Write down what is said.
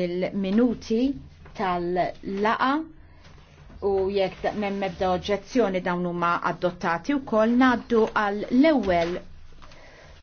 il-minuti tal-laqa u jekk memmebda mebda oġġezzjoni dawn huma adottati wkoll ngħaddu għall ewwel